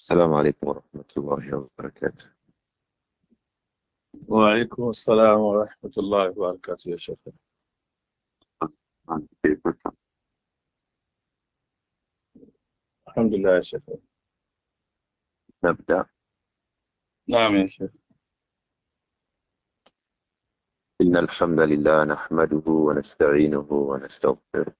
السلام عليكم ورحمة الله وبركاته وعليكم السلام ورحمة الله وبركاته يا شيخ الحمد لله يا شيخ نبدأ نعم يا شيخ إن الحمد لله نحمده ونستعينه ونستغفره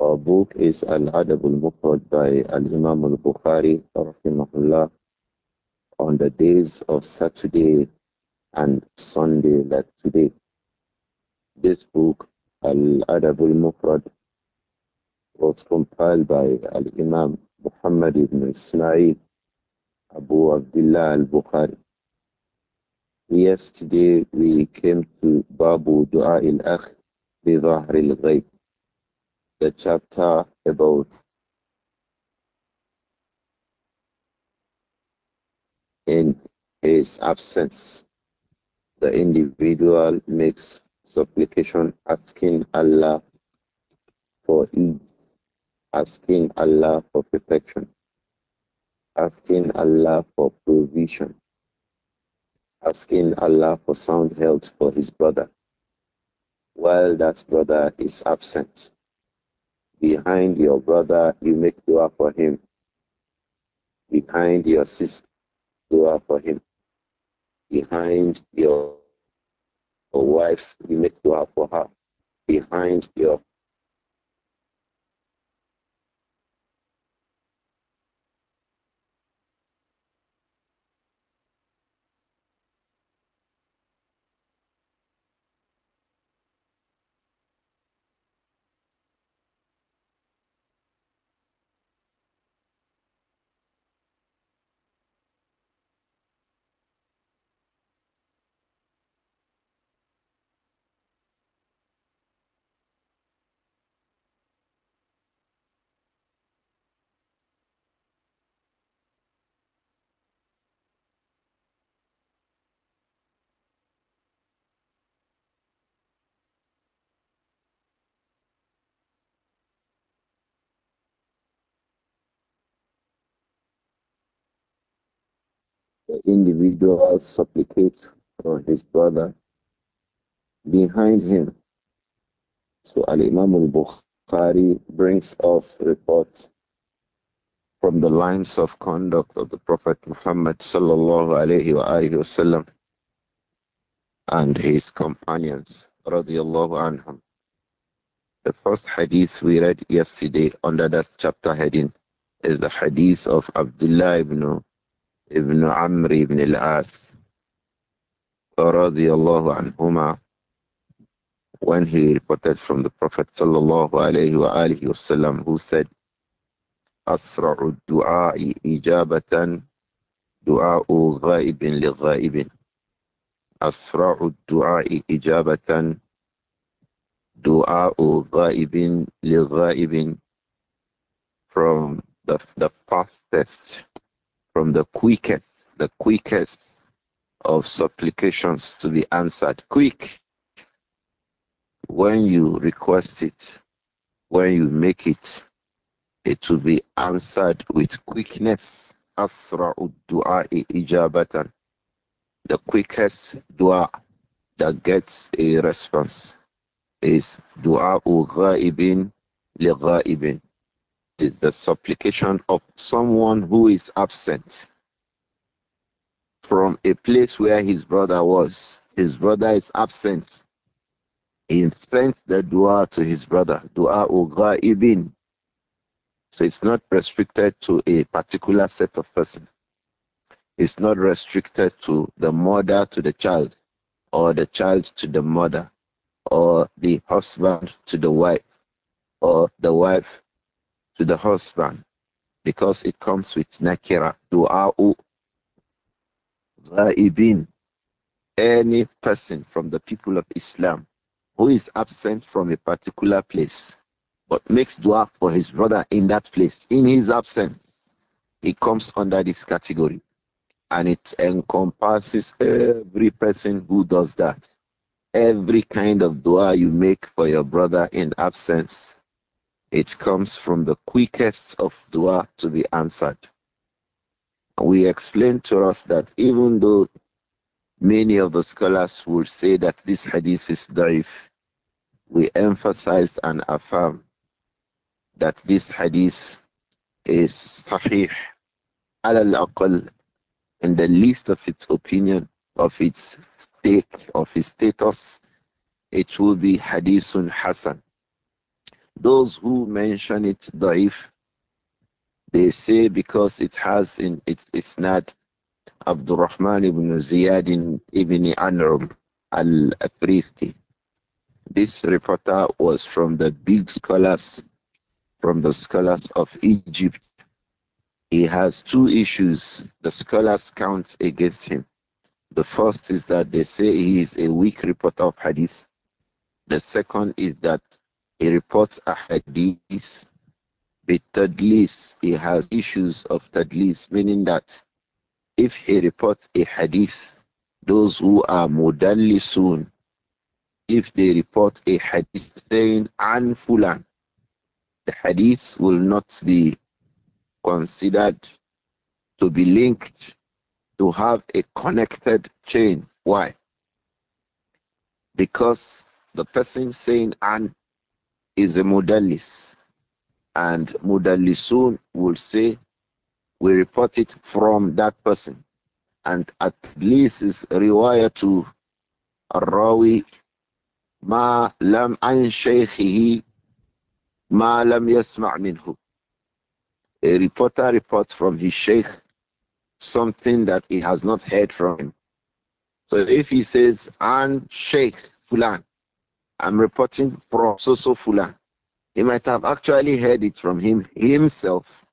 Our book is Al-Adab al by Al-Imam al-Bukhari on the days of Saturday and Sunday like today. This book, Al-Adab al was compiled by Al-Imam Muhammad ibn Ismail Abu Abdullah al-Bukhari. Yesterday we came to Babu Dua Al akh bi Dhahr al-Ghayb the chapter about in his absence, the individual makes supplication asking Allah for ease, asking Allah for protection, asking Allah for provision, asking Allah for sound health for his brother while that brother is absent. Behind your brother, you make dua for him. Behind your sister, dua for him. Behind your, your wife, you make dua for her. Behind your individual supplicates for his brother behind him. So Al Imam al Bukhari brings us reports from the lines of conduct of the Prophet Muhammad sallallahu alayhi wa alayhi and his companions radiallahu anhum. The first hadith we read yesterday under that chapter heading is the hadith of Abdullah ibn ibn Amr ibn al-As radiallahu anhuma when he reported from the Prophet sallallahu alayhi wa alihi wasallam who said أسرع الدعاء إجابة دعاء غائب للغائب أسرع الدعاء إجابة دعاء غائب للغائب from the, the fastest from the quickest, the quickest of supplications to be answered. Quick when you request it, when you make it, it will be answered with quickness. Asra'u du'a ijabatan. The quickest dua that gets a response is du'a ibn li ibn is the supplication of someone who is absent from a place where his brother was. His brother is absent. He sent the dua to his brother, dua uga ibn. So it's not restricted to a particular set of persons. It's not restricted to the mother to the child, or the child to the mother, or the husband to the wife, or the wife to the husband because it comes with nakira, du'a'u, ghaibin, any person from the people of Islam who is absent from a particular place but makes dua for his brother in that place, in his absence, he comes under this category. And it encompasses every person who does that. Every kind of dua you make for your brother in absence, it comes from the quickest of dua to be answered. We explained to us that even though many of the scholars would say that this hadith is da'if, we emphasized and affirmed that this hadith is sahih al-aqal in the least of its opinion of its stake of its status it will be hadithun hasan those who mention it da'if, they say because it has in its not Abdul Rahman ibn Ziyad ibn Anrum al-Afriqi. This reporter was from the big scholars, from the scholars of Egypt. He has two issues the scholars count against him. The first is that they say he is a weak reporter of hadith. The second is that he reports a hadith with tadlis. He has issues of tadlis, meaning that if he reports a hadith, those who are mudallisun, if they report a hadith saying an fulan, the hadith will not be considered to be linked to have a connected chain. Why? Because the person saying an is a modalis, And modalisun will say, we report it from that person. And at least is riwayah to الراوي ما لم عن شيخه ما لم يسمع A reporter reports from his sheikh something that he has not heard from him. So if he says, an sheikh fulan, I'm reporting from Soso Fula. He might have actually heard it from him himself,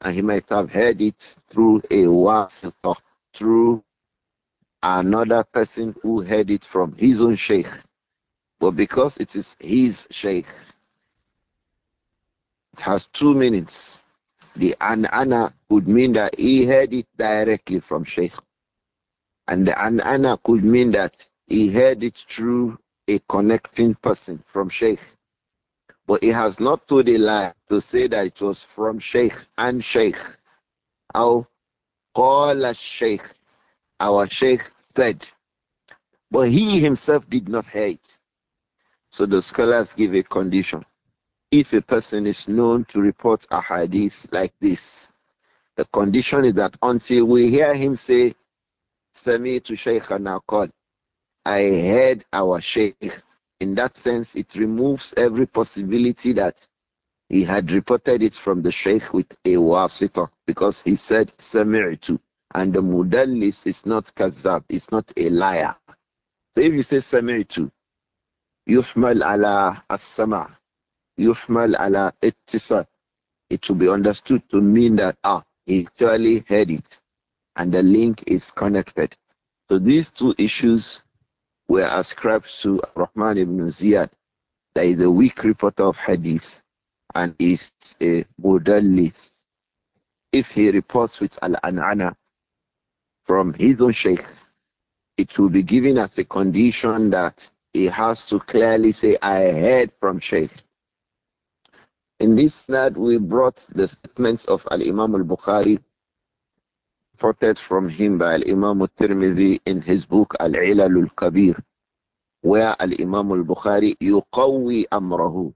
and he might have heard it through a wasita, through another person who heard it from his own sheikh. But because it is his sheikh, it has two meanings. The an'ana would mean that he heard it directly from sheikh. And the an'ana could mean that he heard it through a connecting person from Sheikh. But it has not told a lie to say that it was from Sheikh and Sheikh. Our call Sheikh, our Sheikh said. But he himself did not hear it. So the scholars give a condition. If a person is known to report a hadith like this, the condition is that until we hear him say, Sami to Shaykhana call, I heard our Sheikh. In that sense, it removes every possibility that he had reported it from the Sheikh with a wasita because he said Sami'tu. And the Mudallis is not Kazab, it's not a liar. So if you say Sami'tu, Yuhmal ala as-sama, Yuhmal ala ittisal, it will be understood to mean that, ah, he actually heard it. And the link is connected. So these two issues were ascribed to Rahman ibn Ziyad. That is a weak reporter of hadith and is a mudallis. If he reports with Al-An'ana from his own sheikh, it will be given as a condition that he has to clearly say, I heard from sheikh. In this that we brought the statements of Al-Imam al-Bukhari reported from him by al Imam al-Tirmidhi in his book Al-Ilal al-Kabir, where al-Imam al-Bukhari yuqawi amrahu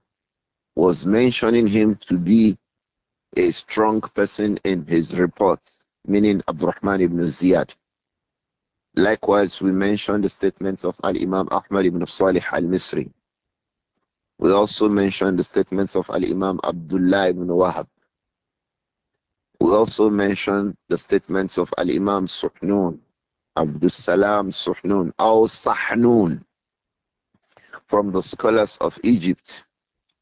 was mentioning him to be a strong person in his reports, meaning Abdurrahman ibn Ziyad. Likewise, we mentioned the statements of Al-Imam Ahmad ibn Salih al-Misri. We also mentioned the statements of Al-Imam Abdullah ibn Wahab. We also mention the statements of Al Imam Suhnun, Abdul Salam Suhnun, Al Sahnun, from the scholars of Egypt.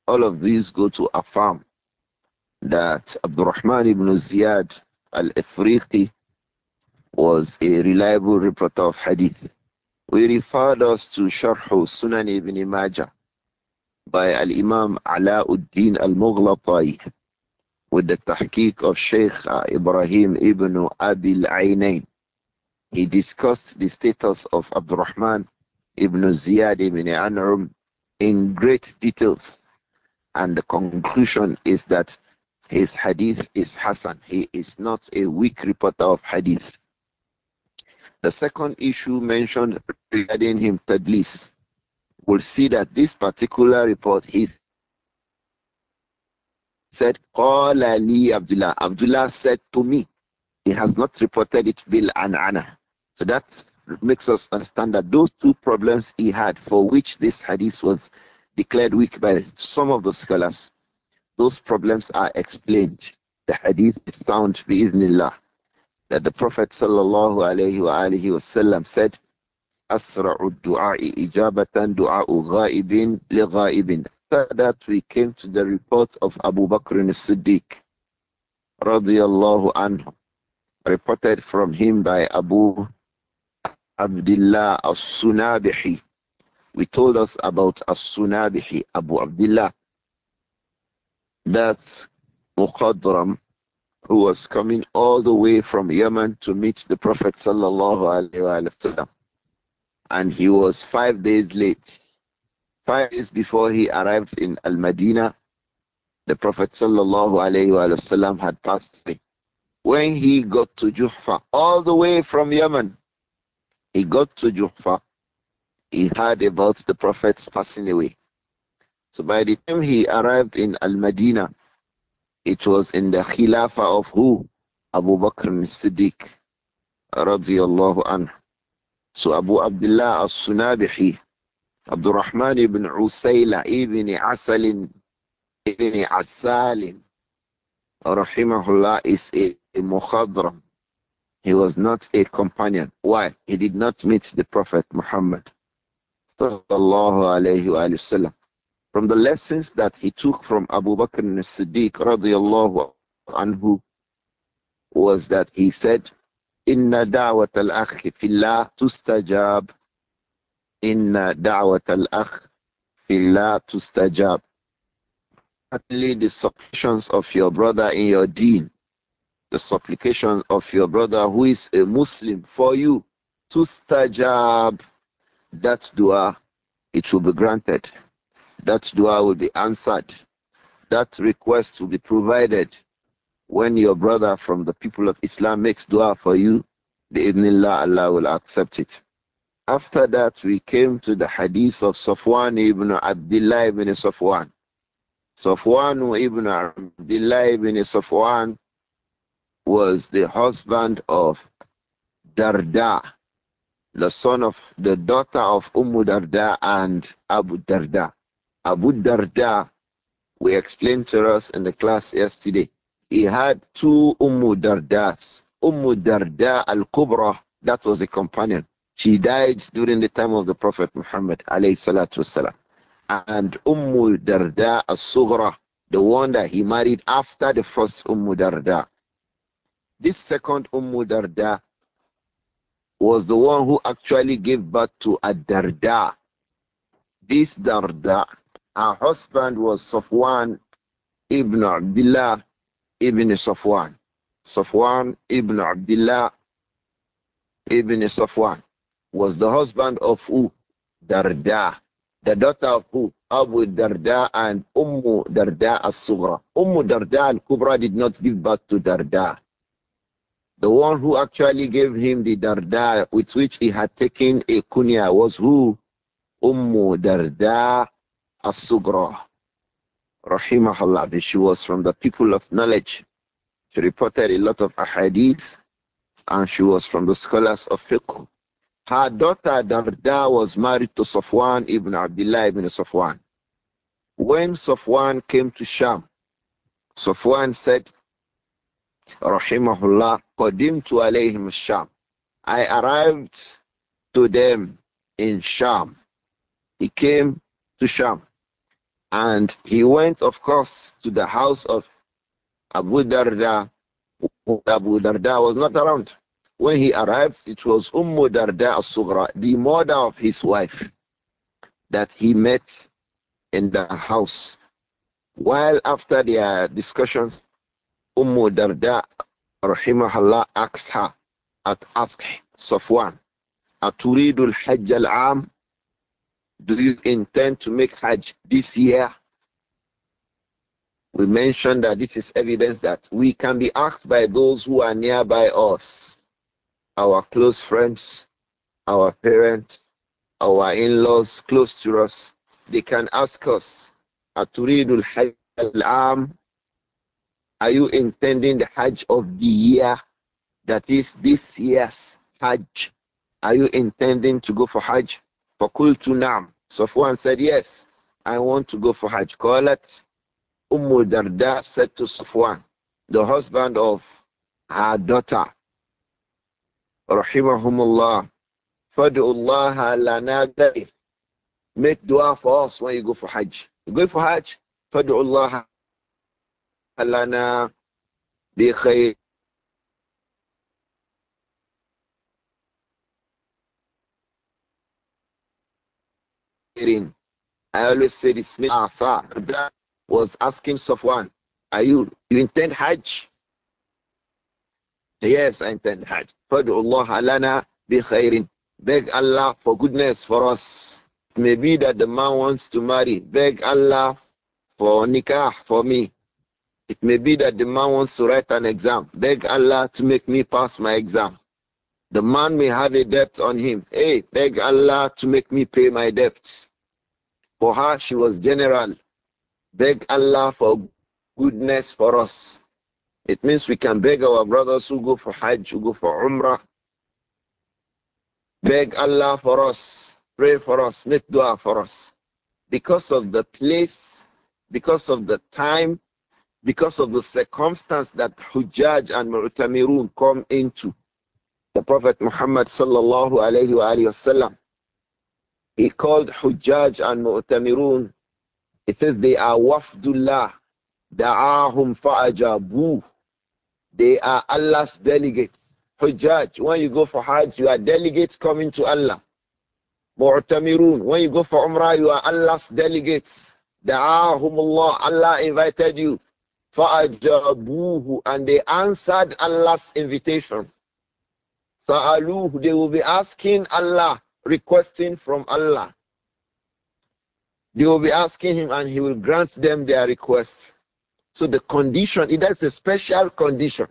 All of these go to affirm that Abdurrahman ibn Ziyad al Ifriqi was a reliable reporter of hadith. We referred us to Sharh Sunan ibn Majah by Al Imam Alauddin al Mughlatai with the tahqiq of Sheikh Ibrahim ibn Abil Ainain. He discussed the status of Abdurrahman ibn Ziyad ibn An'um in great details. And the conclusion is that his hadith is Hassan. He is not a weak reporter of hadith. The second issue mentioned regarding him, Tadlis, will see that this particular report is said, Allāh li Abdullah. Abdullah said to me. He has not reported it Bill anāna. So that makes us understand that those two problems he had for which this hadith was declared weak by some of the scholars, those problems are explained. The hadith is sound bi'idhnillah. That the Prophet sallallahu alayhi wa alihi wasallam said, أسرع الدعاء إجابة دعاء غائب لغائب after that, we came to the report of Abu Bakr as-Siddiq, radiyallahu anhu, reported from him by Abu Abdullah as-Sunabihi. We told us about as-Sunabihi, Abu Abdullah. that Muqadram, who was coming all the way from Yemen to meet the Prophet sallallahu alaihi wasallam, and he was five days late Five years before he arrived in Al Madinah, the Prophet وسلم, had passed away. When he got to Juhfa, all the way from Yemen, he got to Juhfa, he heard about the Prophet's passing away. So by the time he arrived in Al Madinah, it was in the Khilafah of who? Abu Bakr as-Siddiq radiallahu So Abu Abdullah as-Sunabihi Abdul Rahman ibn Usayla ibn Asalin ibn Asalin rahimahullah is a, a He was not a companion. Why? He did not meet the Prophet Muhammad sallallahu alayhi wa sallam. From the lessons that he took from Abu Bakr as-Siddiq radiyallahu anhu was that he said, "Inna da'wat al-akhi fillah tustajab Inna da'wat al-akh fillah tustajab. Certainly the supplications of your brother in your deen, the supplication of your brother who is a Muslim for you, to stajab that dua, it will be granted. That dua will be answered. That request will be provided. When your brother from the people of Islam makes dua for you, the Allah will accept it. After that, we came to the hadith of Safwan ibn Abdullah ibn Safwan. Safwan ibn Abdullah ibn Safwan was the husband of Darda, the son of the daughter of Umm Darda and Abu Darda. Abu Darda, we explained to us in the class yesterday, he had two Umm Dardas. Umm Darda al Kubra, that was a companion. She died during the time of the Prophet Muhammad والسلام, and Umm Darda as-Sughra, the one that he married after the first Umm Darda. This second Umm Darda was the one who actually gave birth to a Darda. This Darda, her husband was Safwan ibn Abdullah ibn Safwan. Safwan ibn Abdullah ibn Safwan was the husband of who? Darda. The daughter of who? Abu Darda and Ummu Darda as sugra Ummu Darda al-Kubra did not give birth to Darda. The one who actually gave him the Darda with which he had taken a kunya was who? Ummu Darda as-Sughra. Rahimahullah. She was from the people of knowledge. She reported a lot of ahadith and she was from the scholars of fiqh. Her daughter Darda was married to Safwan ibn Abdullah ibn Safwan. When Safwan came to Sham, Safwan said, Rahimahullah, Qadim tu alayhim Sham. I arrived to them in Sham. He came to Sham. And he went, of course, to the house of Abu Darda. Abu Darda was not around. When he arrived, it was Ummu Darda al sugra the mother of his wife, that he met in the house. While after their discussions, Ummu Darda rahimahullah asked her, at asked Safwan, Aturidul Hajj al-Am? Do you intend to make Hajj this year? We mentioned that this is evidence that we can be asked by those who are nearby us our close friends, our parents, our in laws close to us, they can ask us, Aturidul Are you intending the Hajj of the year? That is this year's Hajj. Are you intending to go for Hajj? Fakultu nam? Safwan said, Yes, I want to go for Hajj. Qalat Umm Darda said to Safwan, the husband of her daughter, رحمهم الله فادعوا الله لنا ضيف ميت دعاء فاص ويقف حج يقف حج فادعوا الله لنا بخير I always say this. was asking Safwan, "Are you you intend Hajj?" Yes, I intend Hajj. فَدْعُ alana bi khairin. Beg Allah for goodness for us. Maybe that the man wants to marry. Beg Allah for nikah for me. It may be that the man wants to write an exam. Beg Allah to make me pass my exam. The man may have a debt on him. Hey, beg Allah to make me pay my debt. For her, she was general. Beg Allah for goodness for us. It means we can beg our brothers who go for Hajj, who go for Umrah, beg Allah for us, pray for us, make dua for us. Because of the place, because of the time, because of the circumstance that Hujjaj and Mu'tamirun come into. The Prophet Muhammad sallallahu alayhi wa sallam, he called Hujjaj and Mu'tamirun, he says they are wafdullah, Da'ahum fa'ajabuh. They are Allah's delegates. Hujjaj, when you go for Hajj, you are delegates coming to Allah. Mu'tamirun, when you go for Umrah, you are Allah's delegates. Da'ahum Allah, Allah invited you. Fa'ajabuhu, and they answered Allah's invitation. So, they will be asking Allah, requesting from Allah. They will be asking Him, and He will grant them their request. So the condition, it is a special condition.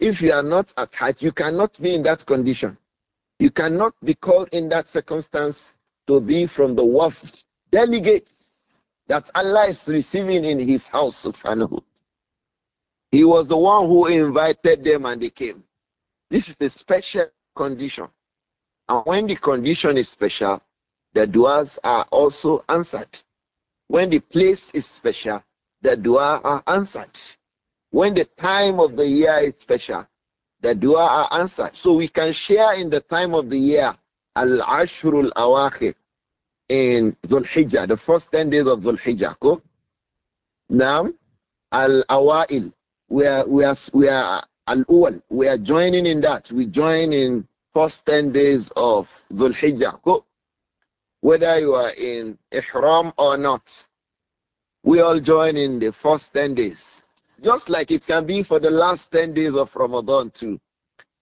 If you are not at heart, you cannot be in that condition. You cannot be called in that circumstance to be from the wafd delegates that Allah is receiving in His house, of subhanahu. He was the one who invited them and they came. This is a special condition. And when the condition is special, the duas are also answered. When the place is special, the dua are answered. When the time of the year is special, the dua are answered. So we can share in the time of the year, Al-Ashurul Awakhir, in Dhul Hijjah, the first 10 days of Dhul Hijjah. Go. Now, Al-Awail, we are, we are, we are Al-Uwal, we are joining in that. We join in first 10 days of Dhul Hijjah. Go. Whether you are in Ihram or not, we all join in the first 10 days, just like it can be for the last 10 days of Ramadan too.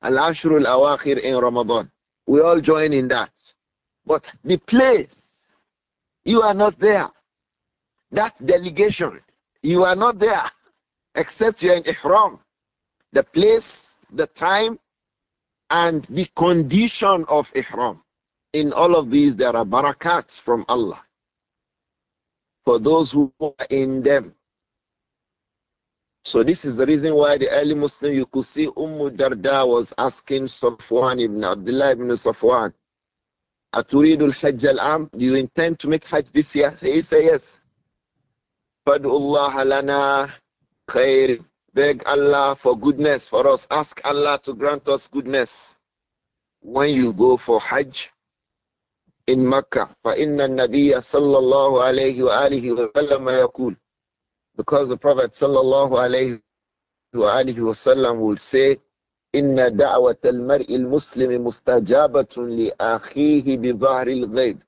Al Ashrul Awakhir in Ramadan. We all join in that. But the place, you are not there. That delegation, you are not there except you are in Ihram. The place, the time, and the condition of Ihram. In all of these, there are barakats from Allah for those who are in them. So this is the reason why the early Muslim, you could see Umm Darda was asking Safwan ibn Abdullah ibn Safwan, أتريد al Am? Do you intend to make Hajj this year? He said yes. فادعوا الله لنا Beg Allah for goodness for us. Ask Allah to grant us goodness. When you go for Hajj, in Makkah. فَإِنَّ النَّبِيَّ صَلَّى اللَّهُ عَلَيْهِ وَآلِهِ وَسَلَّمَ يَقُولُ Because the Prophet صلى الله عليه وآله وسلم will say إِنَّ دَعْوَةَ الْمَرْءِ الْمُسْلِمِ مُسْتَجَابَةٌ لِأَخِيهِ بِظَهْرِ الْغَيْبِ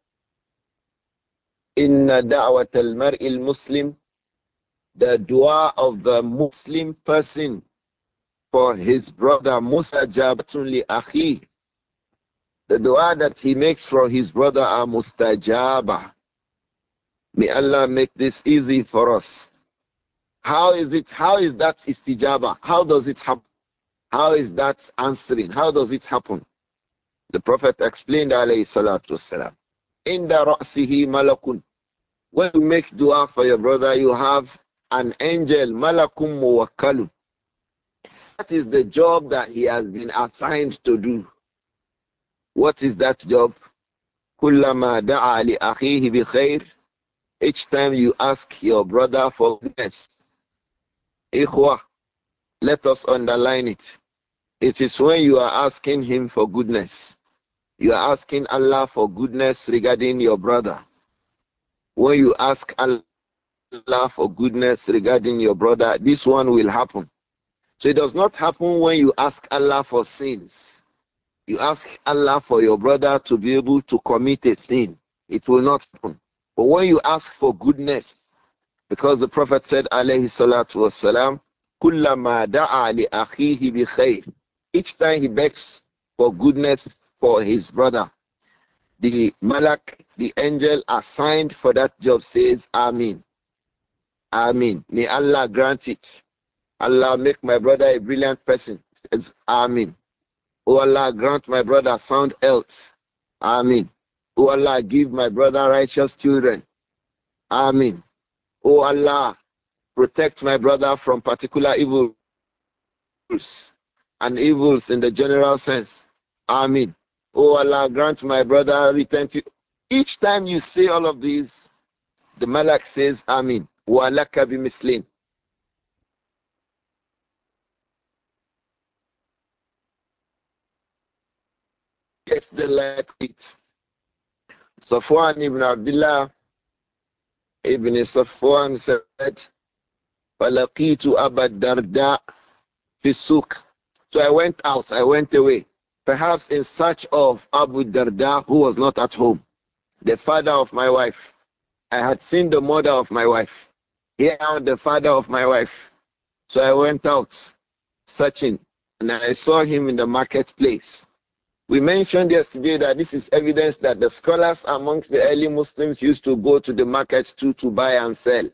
إِنَّ دَعْوَةَ الْمَرْءِ الْمُسْلِمِ The dua of the Muslim person for his brother مُسْتَجَابَةٌ لِأَخِيهِ the dua that he makes for his brother are mustajaba. May Allah make this easy for us. How is it? How is that istijaba? How does it happen? How is that answering? How does it happen? The Prophet explained, alayhi salatu wasalam, in the ra'sihi malakun. When you make dua for your brother, you have an angel, malakum muwakkalun. That is the job that he has been assigned to do. What is that job? كلما دعا لأخيه بخير Each time you ask your brother for goodness. Ikhwa, let us underline it. It is when you are asking him for goodness. You are asking Allah for goodness regarding your brother. When you ask Allah for goodness regarding your brother, this one will happen. So it does not happen when you ask Allah for sins. You ask Allah for your brother to be able to commit a sin, it will not happen. But when you ask for goodness, because the Prophet said, alayhi salatu wasalam, kullama da'a li akhihi bi khayr. Each time he begs for goodness for his brother, the malak, the angel assigned for that job says, Amin. Amin. May Allah grant it. Allah make my brother a brilliant person. Says, Amin. O oh Allah, grant my brother sound health. Amen. O oh Allah, give my brother righteous children. Amen. O oh Allah, protect my brother from particular evils and evils in the general sense. Amen. O Allah, grant my brother retentive. Each time you say all of these, the Malak says, Amen. O Allah, alaka bimithlin. the like it. Safwan ibn Abdullah ibn Safwan said, فَلَقِيتُ أَبَا الدَّرْدَاء فِي So I went out, I went away, perhaps in search of Abu Darda who was not at home, the father of my wife. I had seen the mother of my wife. Here out the father of my wife. So I went out searching and I saw him in the marketplace. We mentioned yesterday that this is evidence that the scholars amongst the early Muslims used to go to the market too to buy and sell.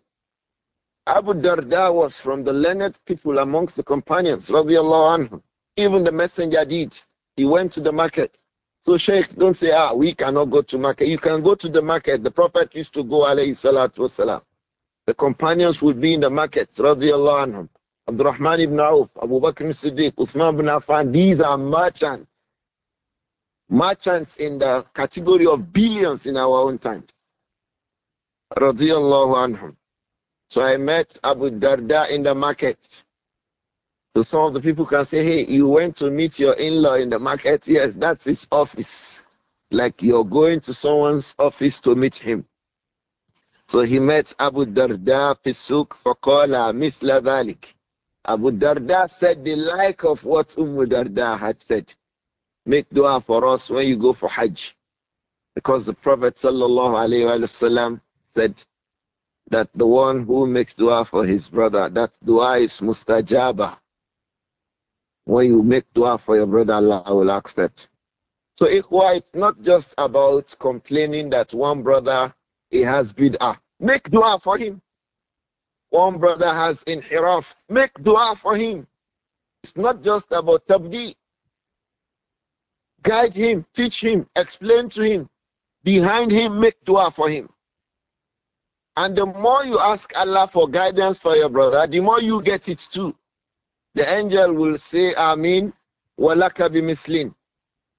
Abu Darda was from the learned people amongst the companions, anhu. Even the messenger did. He went to the market. So Sheikh, don't say, ah, we cannot go to market. You can go to the market. The Prophet used to go, alayhi salatu wasalam. The companions would be in the market, radiallahu anhum. Abdurrahman ibn Auf, Abu Bakr ibn Siddiq, Uthman ibn Affan, these are merchants merchants in the category of billions in our own times. So I met Abu Darda in the market. So some of the people can say, hey, you went to meet your in law in the market. Yes, that's his office. Like you're going to someone's office to meet him. So he met Abu Darda Fisuk Fakola Mithla Abu Darda said the like of what Umm Darda had said. Make dua for us when you go for Hajj. Because the Prophet wasallam said that the one who makes dua for his brother, that dua is mustajaba. When you make dua for your brother, Allah will accept. So it's not just about complaining that one brother he has bid'ah. Make dua for him. One brother has inhiraf. Make dua for him. It's not just about tabdi guide him, teach him, explain to him, behind him, make dua for him. And the more you ask Allah for guidance for your brother, the more you get it too. The angel will say, Amin, walaka bimislin.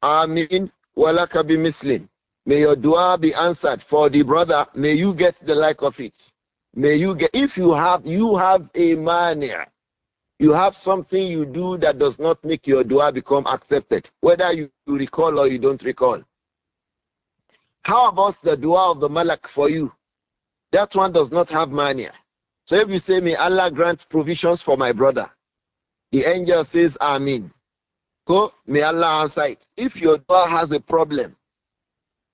Amin, walaka mislin. May your dua be answered for the brother. May you get the like of it. May you get, if you have, you have a mania. You have something you do that does not make your dua become accepted, whether you recall or you don't recall. How about the dua of the malak for you? That one does not have mania. So if you say, May Allah grant provisions for my brother, the angel says, Amin. So may Allah answer it. If your dua has a problem,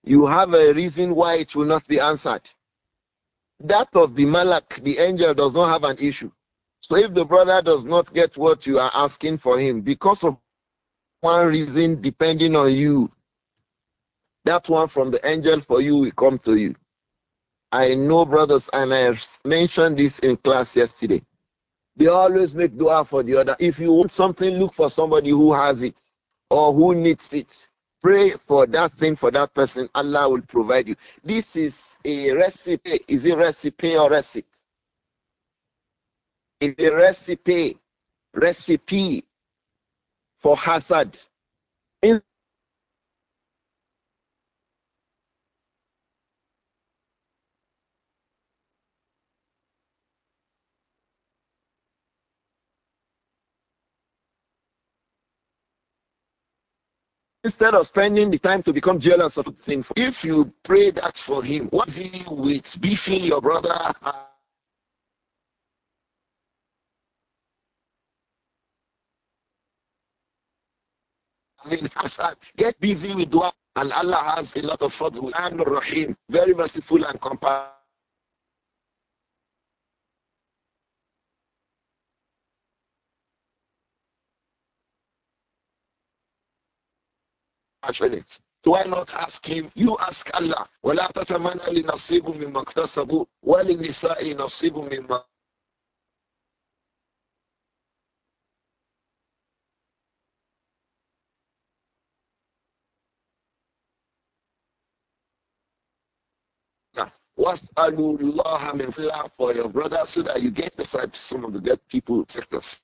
you have a reason why it will not be answered. That of the malak, the angel, does not have an issue. So if the brother does not get what you are asking for him because of one reason depending on you, that one from the angel for you will come to you. I know brothers, and I mentioned this in class yesterday. They always make dua for the other. If you want something, look for somebody who has it or who needs it. Pray for that thing for that person. Allah will provide you. This is a recipe. Is it recipe or recipe? is a recipe, recipe for hazard. In instead of spending the time to become jealous of things, if you pray that for him, what's he with beefing your brother Get busy with dua, and Allah has a lot of fadl. And Rahim, very merciful and compassionate. It. So why not ask him? You ask Allah. وَلَا تَتَمَنَّ لِنَصِيبٌ مِّمَّا اكْتَسَبُوا وَلِلنِّسَاءِ نَصِيبٌ مِّمَّا I will and Fas'alullah for your brother so that you get aside some of the dead people sectors.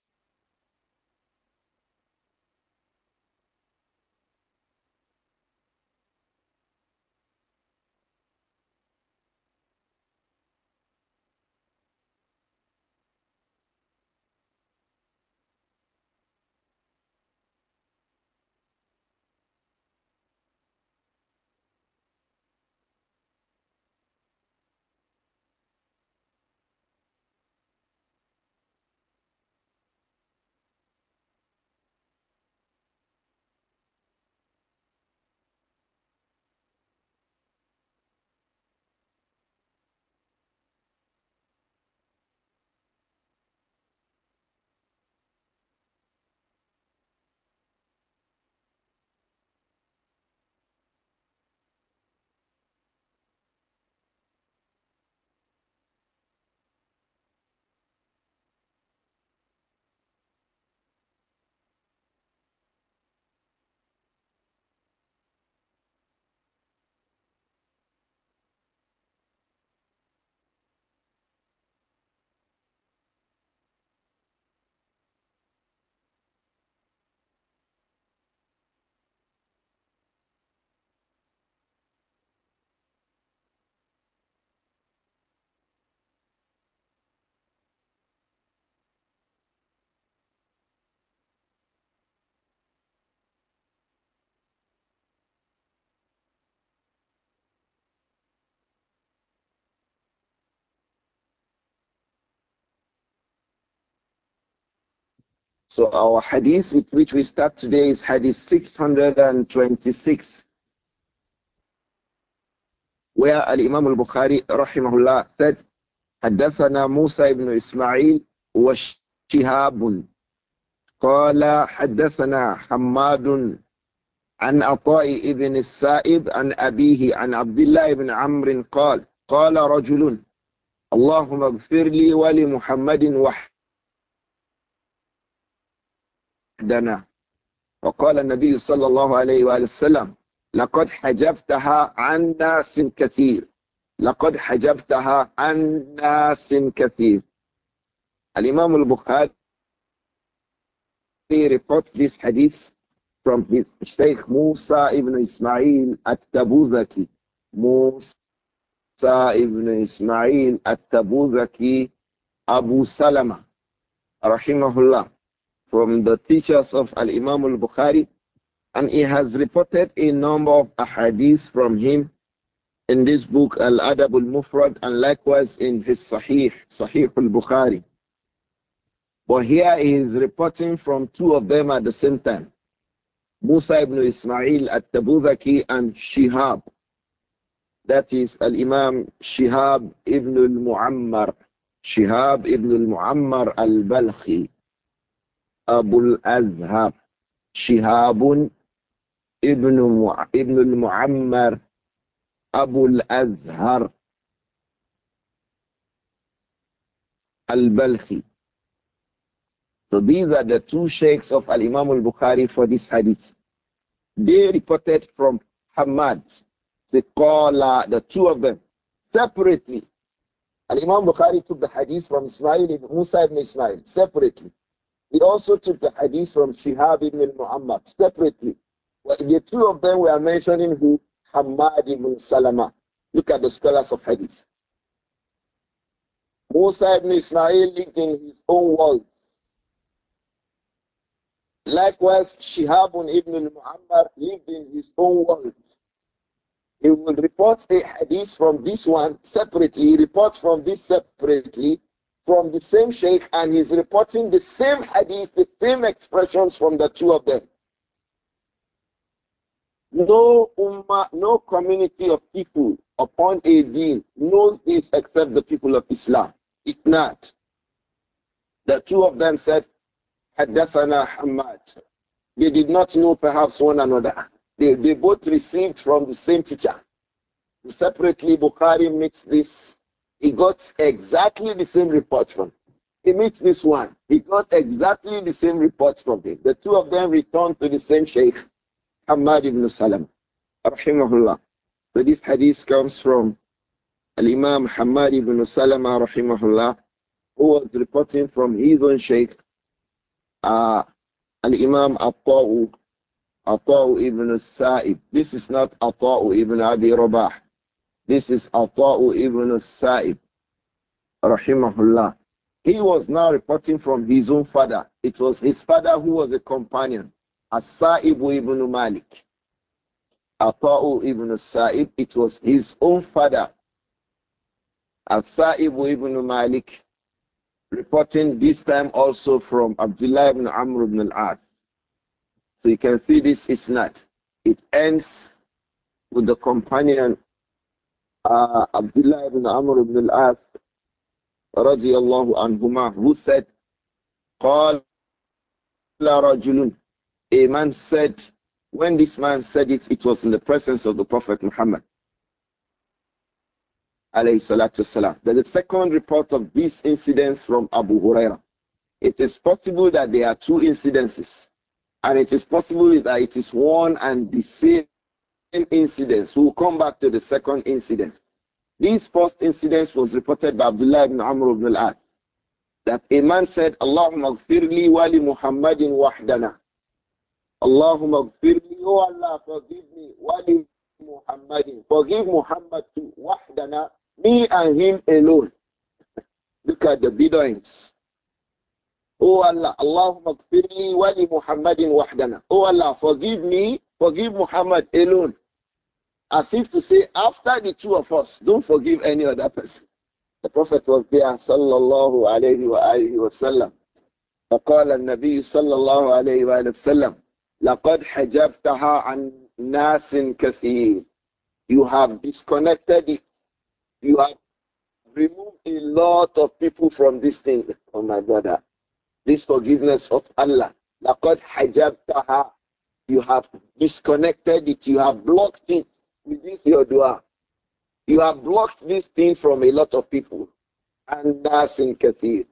So our hadith with which we start today is hadith 626, where Al-Imam al-Bukhari rahimahullah said, حدثنا موسى بن إسماعيل وشهاب قال حدثنا حماد عن عطاء بن السائب عن أبيه عن عبد الله بن عمرو قال قال رجل اللهم اغفر لي ولمحمد وحده وحدنا وقال النبي صلى الله عليه وآله وسلم لقد حجبتها عن ناس كثير لقد حجبتها عن ناس كثير الإمام البخاري He reports this hadith from his Sheikh Musa ibn Ismail at-Tabuzaki Musa ibn Ismail at-Tabuzaki Abu Salama rahimahullah from the teachers of Al Imam al Bukhari, and he has reported a number of ahadith from him in this book, Al Adab al Mufrad, and likewise in his Sahih, Sahih al Bukhari. But here he is reporting from two of them at the same time Musa ibn Ismail at Tabuzaki and Shihab. That is Al Imam Shihab ibn al Muammar, Shihab ibn al Muammar al Balkhi. Abu al-Azhar, Shihabun ibn, al-Muammar, Abu al-Azhar, al-Balkhi. So these are the two sheikhs of Al-Imam al-Bukhari for this hadith. They reported from Hamad, Siqala, uh, the two of them, separately. Al-Imam Bukhari took the hadith from Ismail ibn Musa ibn Ismail, separately. He also took the hadith from Shihab ibn Muhammad separately. the two of them were mentioning who? Hamad ibn Salama. Look at the scholars of hadith. Musa ibn Ismail lived in his own world. Likewise, Shihab ibn Muhammad lived in his own world. He will report a hadith from this one separately, he reports from this separately, from the same sheikh and he's reporting the same hadith, the same expressions from the two of them. No ummah, no community of people upon a deen knows this except the people of Islam. It's not. The two of them said, Haddathana Hamad. They did not know perhaps one another. They, they both received from the same teacher. Separately, Bukhari makes this he got exactly the same report from. Him. He meets this one. He got exactly the same report from him. The two of them returned to the same Sheikh, Ahmad ibn Salam. Rahimahullah. So this hadith comes from Al-Imam Hamad ibn Salam rahimahullah, who was reporting from his own Sheikh, uh, Al-Imam Atta'u, Atta'u ibn Sa'ib. This is not Atta'u ibn Abi Rabah. This is Ata'u ibn Sa'ib, rahimahullah. He was now reporting from his own father. It was his father who was a companion, As-Sa'ib ibn Malik. Ata'u ibn Sa'ib, it was his own father, As-Sa'ib ibn Malik, reporting this time also from Abdullah ibn Amr ibn al-As. So you can see this is not. It ends with the companion uh, Abdullah ibn Amr ibn al-As radiyallahu anhuma who said قال رجل a man said when this man said it it was in the presence of the prophet Muhammad alayhi salatu salam there's a second report of this incidents from Abu Huraira it is possible that there are two incidences and it is possible that it is one and the same incidents. We'll come back to the second incident. These first incidents was reported by Abdullah ibn Amr ibn al-As that a man said, Allahumma gfirli wa li Muhammadin wahdana. Allahumma gfirli, oh Allah, forgive me, wa li Muhammadin. Forgive Muhammad to wahdana, me and him alone. Look at the Bedouins. Oh Allah, Allahumma gfirli wa li Muhammadin wahdana. Oh Allah, forgive me, forgive Muhammad alone. As if to say, after the two of us, don't forgive any other person. The Prophet was there, sallallahu alayhi wa alayhi wa sallam. فقال النبي صلى الله عليه وآله وسلم لقد حجبتها عن ناس كثير You have disconnected it. You have removed a lot of people from this thing. Oh my brother, this forgiveness of Allah. لقد حجبتها You have disconnected it. You have blocked it with this your dua. You have blocked this thing from a lot of people. And that's in Kathir.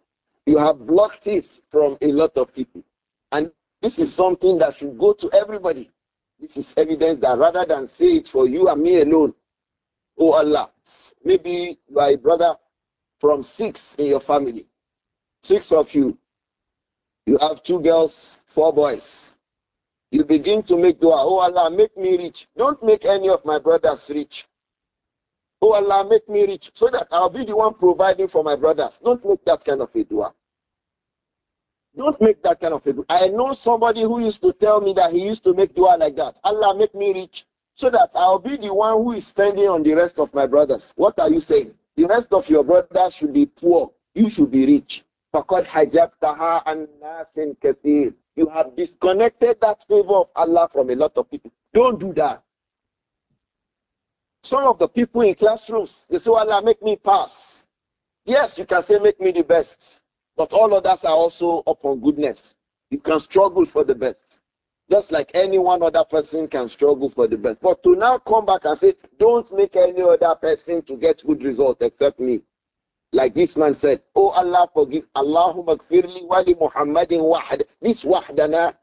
You have blocked this from a lot of people. And this is something that should go to everybody. This is evidence that rather than say it for you and me alone, oh Allah, maybe you are a brother from six in your family. Six of you. You have two girls, four boys. You begin to make dua, oh Allah, make me rich. Don't make any of my brothers rich. Oh Allah, make me rich so that I'll be the one providing for my brothers. Don't make that kind of a dua. Don't make that kind of a dua. I know somebody who used to tell me that he used to make dua like that. Allah, make me rich so that I'll be the one who is spending on the rest of my brothers. What are you saying? The rest of your brothers should be poor. You should be rich you have disconnected that favor of Allah from a lot of people. Don't do that. Some of the people in classrooms, they say, Allah, make me pass. Yes, you can say, make me the best. But all others are also upon goodness. You can struggle for the best. Just like any one other person can struggle for the best. But to now come back and say, don't make any other person to get good result except me. Like this man said, Oh Allah, forgive Allahumma wa wali Muhammadin wahd. This wahdana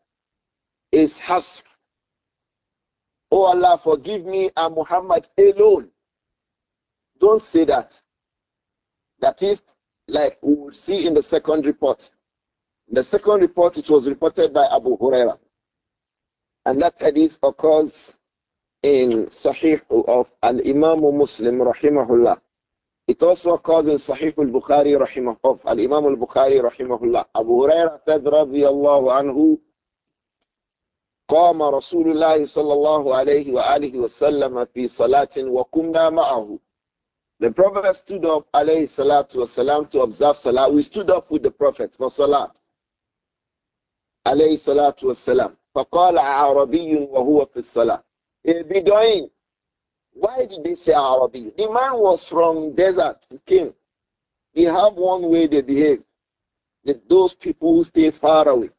is hasr. Oh Allah, forgive me and Muhammad alone. Don't say that. That is like we will see in the second report. In the second report, it was reported by Abu Huraira. And that hadith occurs in Sahih of Al Imam Muslim, rahimahullah. It also occurs in Sahih al-Bukhari rahimahullah, al-Imam al-Bukhari rahimahullah. Abu Huraira said, radiyallahu anhu, قام رسول الله صلى الله عليه وآله وسلم في صلاة وقمنا معه. The Prophet stood up, alayhi salatu wasalam, to observe salah. We stood up with the Prophet for salah. alayhi salatu wasalam. فقال عربي وهو في الصلاة. be doing. Why did they say Arabi? The man was from desert. He came. They have one way they behave. That those people who stay far away.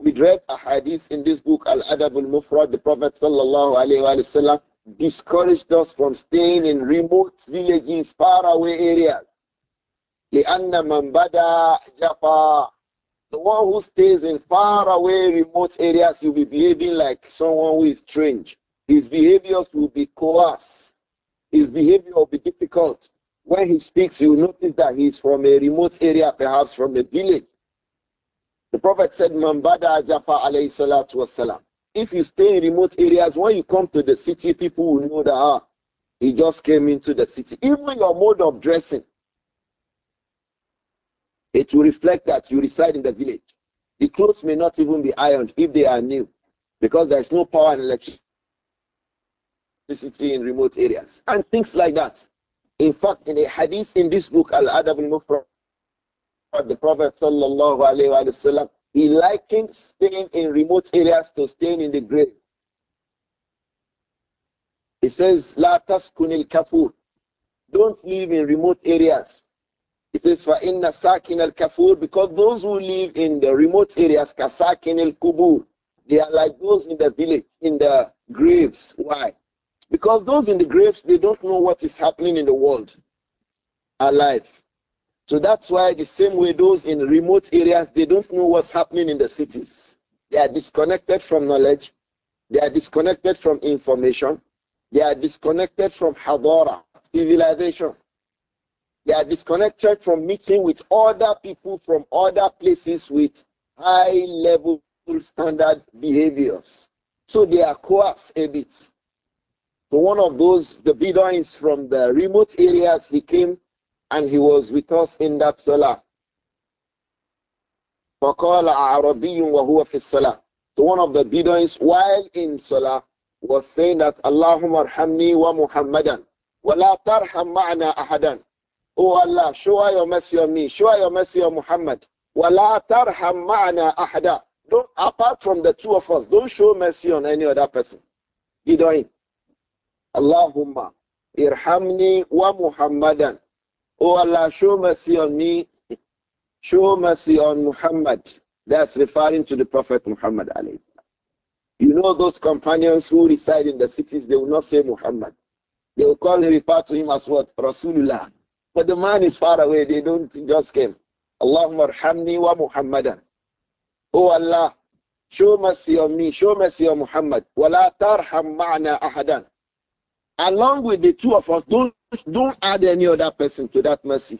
We read a hadith in this book, Al Adab al Mufrad, the Prophet sallallahu alayhi wa sallam discouraged us from staying in remote villages, far away areas. the one who stays in far away remote areas, you'll be behaving like someone who is strange. His behaviors will be coarse. His behavior will be difficult. When he speaks, you notice that he's from a remote area, perhaps from a village. The Prophet said, Mambada Jafa alayhi salatu wasalam. If you stay in remote areas, when you come to the city, people will know that ah, he just came into the city. Even your mode of dressing, it will reflect that you reside in the village. The clothes may not even be ironed if they are new, because there is no power and electricity electricity in remote areas, and things like that. In fact, in a hadith in this book, Al Adab al Mufrad, the Prophet sallallahu alaihi wasallam, he likened staying in remote areas to staying in the grave. He says, "La taskunil kafur." Don't live in remote areas. He says, "Fa'inna sakin al kafur," because those who live in the remote areas, kasakin al kubur, they are like those in the village, in the graves. Why? Because those in the graves, they don't know what is happening in the world alive. So that's why the same way those in remote areas, they don't know what's happening in the cities. They are disconnected from knowledge. They are disconnected from information. They are disconnected from hadara, civilization. They are disconnected from meeting with other people from other places with high level standard behaviors. So they are coerced a bit one of those, the Bedouins from the remote areas, he came and he was with us in that salah. فقال عربي وهو في الصلاة. So one of the Bedouins while in salah was saying that Allahumma arhamni wa Muhammadan wa la tarham ma'ana ahadan. Oh Allah, show your mercy on me, show your mercy on Muhammad. ولا ترحم معنا احدا Don't, apart from the two of us, don't show mercy on any other person. Bedouin. Allahumma irhamni wa Muhammadan. Oh Allah, show mercy on me. Show mercy on Muhammad. That's referring to the Prophet Muhammad. You know those companions who reside in the cities, they will not say Muhammad. They will call him, refer to him as what? Rasulullah. But the man is far away. They don't just came. Allahumma arhamni wa Muhammadan. Oh Allah, show mercy on me. Show mercy on Muhammad. Wala tarham ma'na ahadan along with the two of us, don't don't add any other person to that mercy.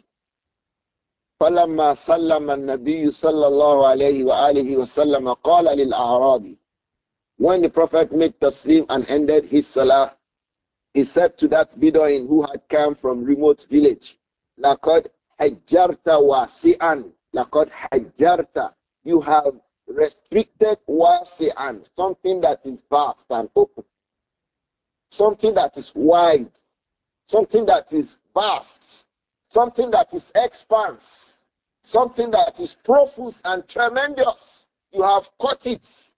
فلما سلم النبي صلى الله عليه وآله وسلم قال للأعرابي When the Prophet made taslim and ended his salah, he said to that Bedouin who had come from remote village, لقد حجرت واسعا لقد حجرت You have restricted wasi'an, something that is vast and open something that is wide, something that is vast, something that is expanse, something that is profuse and tremendous. You have caught it.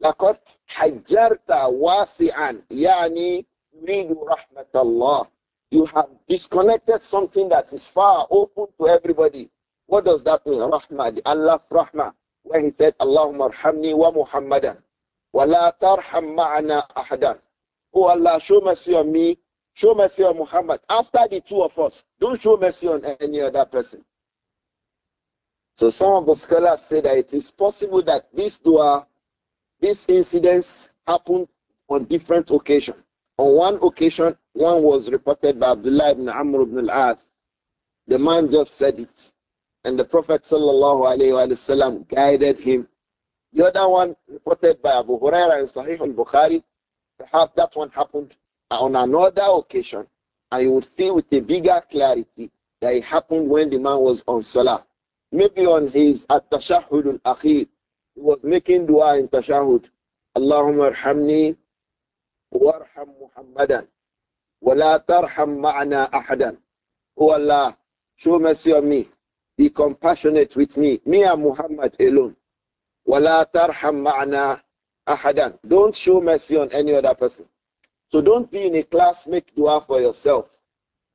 لقد حجرت واسعا يعني يريد رحمة الله you have disconnected something that is far open to everybody what does that mean rahmah Allah's rahmah where he said Allahumma arhamni wa muhammadan wa la tarham Oh Allah, show mercy on me. Show mercy on Muhammad. After the two of us, don't show mercy on any other person. So some of the scholars say that it is possible that this dua, these incidents happened on different occasions. On one occasion, one was reported by Abdullah ibn Amr ibn al-As. The man just said it. And the Prophet وسلم, guided him. The other one reported by Abu Huraira in Sahih al-Bukhari Perhaps that one happened on another occasion, and you would see with a bigger clarity that it happened when the man was on Salah. Maybe on his at tashahhud al akhir, he was making dua in tashahhud. Allahumma arhamni warham Muhammadan wa tarham ma'ana ahadan. Oh Allah, show mercy on me. Be compassionate with me, me and Muhammad alone. Wa tarham ma'ana ahadan. Don't show mercy on any other person. So don't be in a class, make dua for yourself,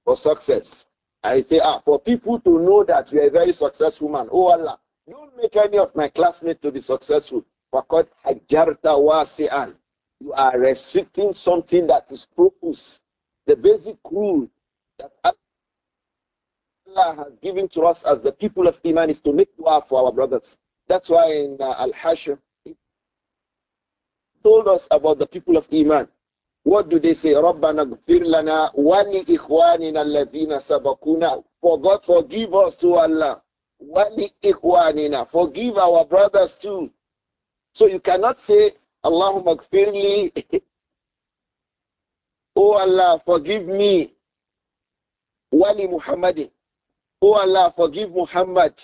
for success. I say, ah, for people to know that you are a very successful man. Oh Allah, don't make any of my classmates to be successful. Fakot hajarta wasi'an. You are restricting something that is purpose. The basic rule that Allah has given to us as the people of Iman is to make dua for our brothers. That's why in uh, al Hashim told us about the people of Iman. What do they say? رَبَّنَا اغْفِرْ لَنَا وَلِإِخْوَانِنَا الَّذِينَ سَبَقُونَا For God, forgive us to Allah. وَلِإِخْوَانِنَا Forgive our brothers too. So you cannot say, Allahumma gfirli. oh Allah, forgive me. Wali Oh Allah, forgive Muhammad.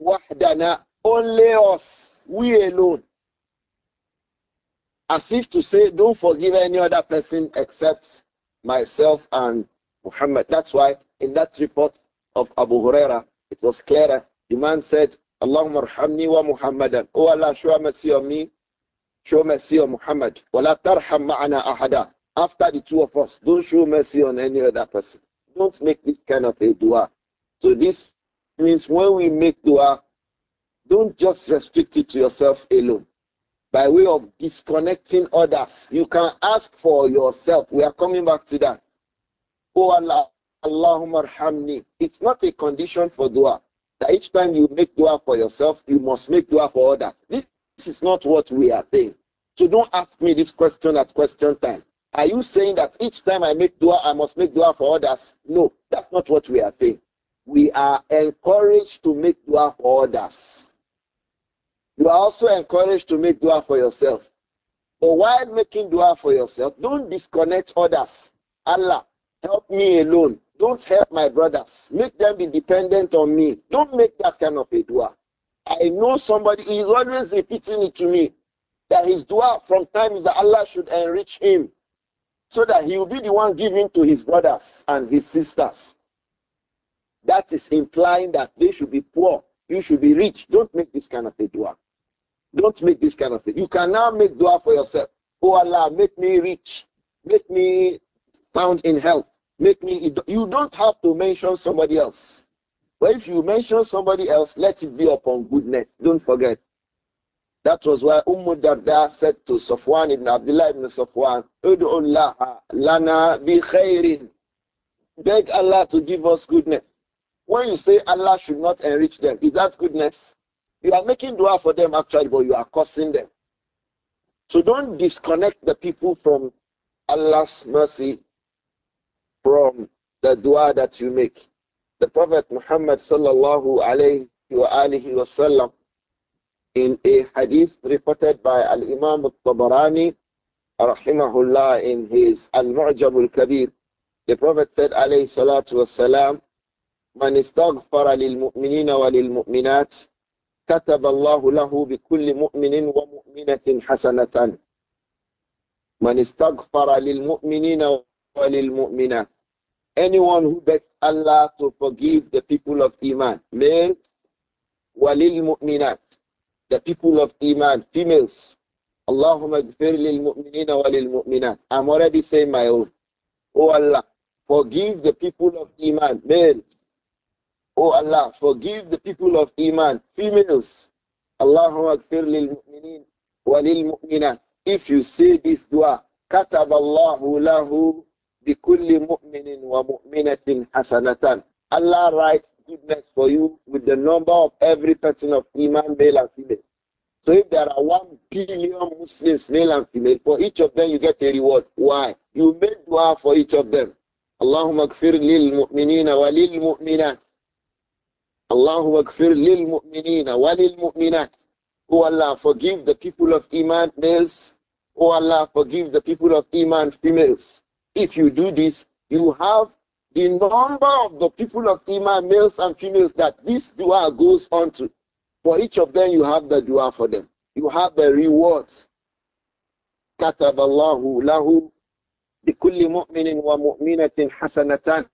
Wahdana. Only us. We alone. As if to say, don't forgive any other person except myself and Muhammad. That's why in that report of Abu Huraira, it was clearer. The man said, Allahumma arhamni wa Muhammadan. Oh Allah, show mercy on me. Show mercy on Muhammad. Wala tarham ma'ana ahada. After the two of us, don't show mercy on any other person. Don't make this kind of a dua. So this means when we make dua, don't just restrict it to yourself alone by way of disconnecting others. You can ask for yourself. We are coming back to that. Oh Allah, Allahumma arhamni. It's not a condition for dua. That each time you make dua for yourself, you must make dua for others. This is not what we are saying. So don't ask me this question at question time. Are you saying that each time I make dua, I must make dua for others? No, that's not what we are saying. We are encouraged to make dua for others. You are also encouraged to make dua for yourself. But while making dua for yourself, don't disconnect others. Allah, help me alone. Don't help my brothers. Make them be dependent on me. Don't make that kind of a dua. I know somebody is always repeating it to me that his dua from time is that Allah should enrich him so that he will be the one giving to his brothers and his sisters. That is implying that they should be poor you should be rich. Don't make this kind of a dua. Don't make this kind of a. You can now make dua for yourself. Oh Allah, make me rich. Make me found in health. Make me. You don't have to mention somebody else. But if you mention somebody else, let it be upon goodness. Don't forget. That was why Ummu Darda said to Safwan ibn Abdullah ibn Safwan, Ud'u Allah lana bi khairin. Beg Allah to give us goodness. When you say Allah should not enrich them, is that goodness? You are making dua for them actually, but you are cursing them. So don't disconnect the people from Allah's mercy from the dua that you make. The Prophet Muhammad sallallahu alayhi wa wasallam in a hadith reported by Al Imam Al Tabarani rahimahullah in his Al Mu'jam Al Kabir, the Prophet said alayhi salatu salam. من استغفر للمؤمنين وللمؤمنات كتب الله له بكل مؤمن ومؤمنة حسنة من استغفر للمؤمنين وللمؤمنات Anyone who begs Allah to forgive the people of Iman, males, وللمؤمنات, the people of Iman, females, اللهم اغفر للمؤمنين وللمؤمنات. I'm already saying my own. Oh Allah, forgive the people of Iman, males, O oh Allah, forgive the people of Iman, females. Allahumma akfir lil mu'minin wa lil mu'minat. If you say this dua, كتب kulli له بكل مؤمن ومؤمنة حسنة. Allah writes goodness for you with the number of every person of Iman, male and female. So if there are one billion Muslims, male and female, for each of them you get a reward. Why? You made dua for each of them. اللهم wa lil وللمؤمنات Allahu akfir lil mu'minina wa lil mu'minat. O Allah, forgive the people of Iman males. Oh Allah, forgive the people of Iman females. If you do this, you have the number of the people of Iman males and females that this dua goes on to. For each of them, you have the dua for them. You have the rewards. كتب الله له بكل مؤمن ومؤمنة حسنتان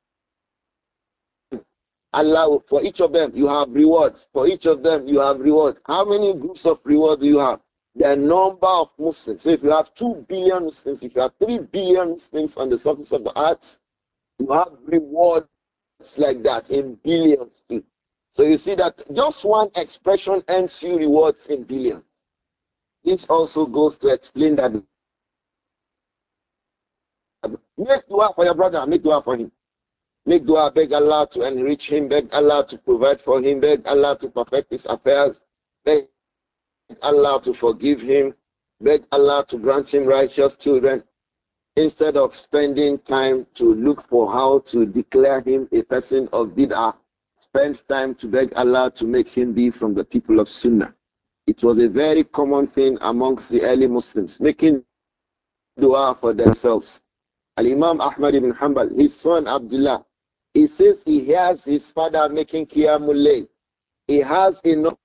Allah, for each of them, you have rewards. For each of them, you have reward. How many groups of reward do you have? The number of Muslims. So if you have 2 billion Muslims, if you have 3 billion Muslims on the surface of the earth, you have rewards like that in billions too. So you see that just one expression earns you rewards in billions. This also goes to explain that make dua for your brother, make dua for him. Make dua, beg Allah to enrich him, beg Allah to provide for him, beg Allah to perfect his affairs, beg Allah to forgive him, beg Allah to grant him righteous children, instead of spending time to look for how to declare him a person of bid'ah, spend time to beg Allah to make him be from the people of Sunnah. It was a very common thing amongst the early Muslims, making dua for themselves. Al Imam Ahmad ibn Hanbal, his son Abdullah, he says he hears his father making Qiyamul He has enough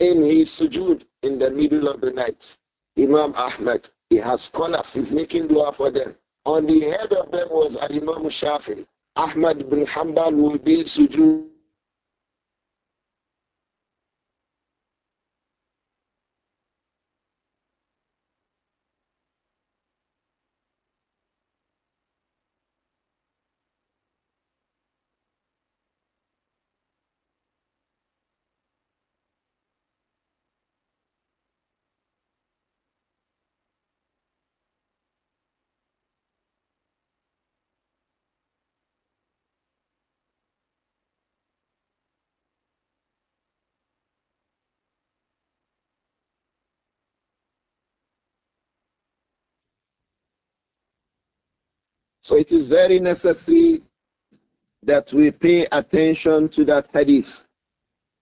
in his sujood in the middle of the night. Imam Ahmad, he has scholars, he's making dua for them. On the head of them was Imam Shafi. Ahmad bin Hanbal will be sujood So it is very necessary that we pay attention to that hadith.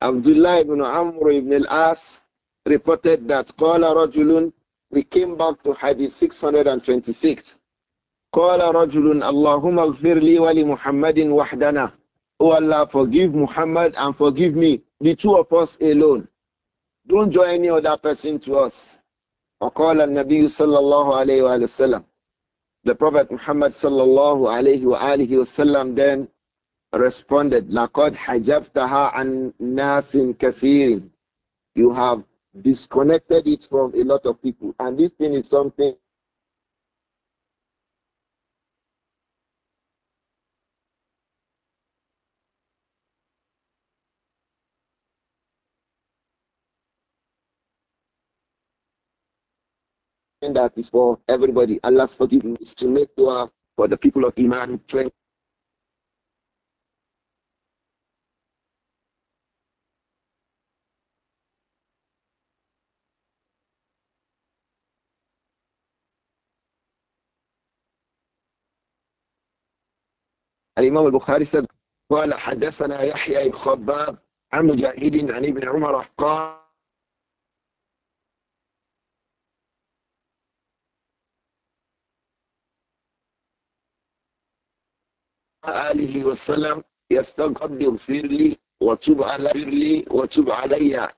Abdullah ibn Amr ibn al-As reported that Qala Rajulun, we came back to hadith 626. Qala Rajulun, Allahumma ghfirli wa li Muhammadin wahdana. Oh Allah, forgive Muhammad and forgive me, the two of us alone. Don't join any other person to us. وقال النبي صلى الله عليه وآله وسلم the Prophet Muhammad sallallahu alayhi wa wasallam then responded, لَقَدْ حَجَبْتَهَا عَنْ نَاسٍ كَثِيرٍ You have disconnected it from a lot of people. And this thing is something that is for everybody. Allah's forgiveness to make dua for the people of Iman الإمام البخاري قال حدثنا يحيى بن خباب عن مجاهد عن ابن عمر قال آله وسلم يستغفر لي وتب علي لي وتب علي